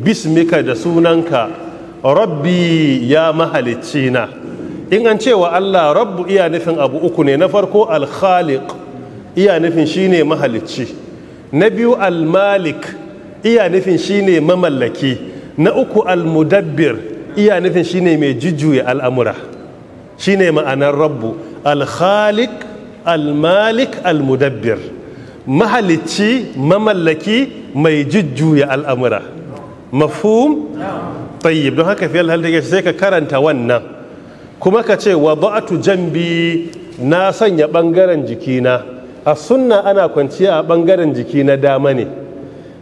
bismika da sunanka rabbi ya mahalicci na in an cewa Allah rabbu iya nufin abu uku ne na farko alkhaliq iya nufin shine mahalicci na biyu almalik iya nufin shine mamallaki na uku almudabbir iya nufin shine mai jujjuya al'amura shine ma'anar rabbu alkhaliq almalik almudabbir mahalicci mamallaki mai jujjuya al'amura mafhum tayyib don haka fiyal halda sai ka karanta wannan kuma ka ce ba'atu jambi na sanya bangaren jikina a sunna ana kwanciya a bangaren jiki na dama ne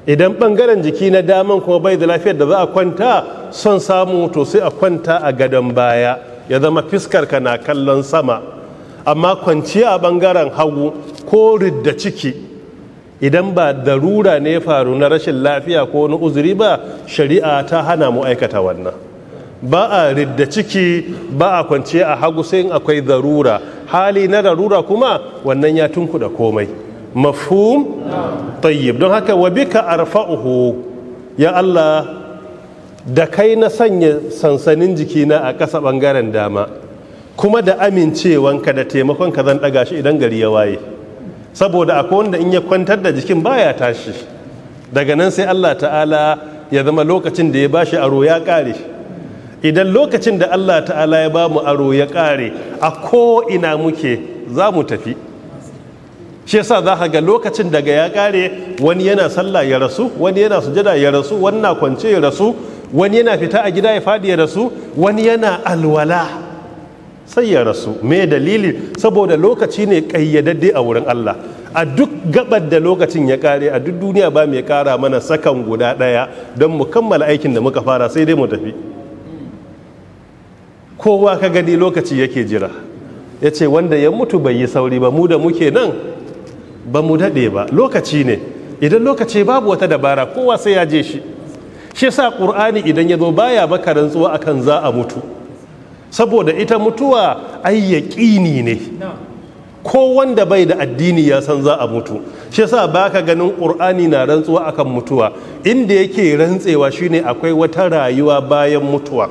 idan bangaren jiki na daman kuma bai da lafiyar da za a kwanta son samu to sai a kwanta a gadon baya ya zama fiskar ka na kallon sama amma kwanciya a bangaren hagu ko ridda ciki idan ba darura ne faru na rashin lafiya ko wani uzuri ba shari'a ta hana mu aikata wannan ba a ridda ciki ba a kwanci a hagu sai akwai darura hali na darura kuma wannan ya tunkuda komai mafhum tayyib don haka wa arfa uhu, ya Allah da kai na sanya sansanin jikina a ƙasa ɓangaren dama kuma da amincewanka da taimakonka zan ɗaga shi idan gari ya waye saboda akwai wanda in ya kwantar da jikin baya tashi daga nan sai Allah ta'ala ya zama lokacin da ya bashi aro ya kare idan lokacin da Allah ta'ala ya ba mu aro ya kare a ko'ina muke za mu tafi shi yasa za ka ga lokacin daga ya ƙare wani yana sallah ya rasu wani yana sujada ya rasu wani na kwance ya rasu wani yana fita a gida ya fadi ya rasu wani yana alwala sai ya rasu me dalili saboda lokaci ne kayyadadde a wurin Allah a duk gabar da lokacin ya kare a duk duniya ba mai kara mana sakan guda daya don mu kammala aikin da muka fara sai dai mu tafi kowa ka gani lokaci yake jira ya ce wanda ya mutu bai yi sauri ba mu da muke nan ba mu daɗe ba lokaci ne idan lokaci babu wata dabara kowa sai ya je shi shi sa ƙur'ani idan ya zo baya baka rantsuwa akan za a mutu saboda ita mutuwa ai yaƙini ne ko wanda bai da addini ya san za a mutu shi yasa baka ganin ƙur'ani na rantsuwa akan mutuwa inda yake rantsewa shine akwai wata rayuwa bayan mutuwa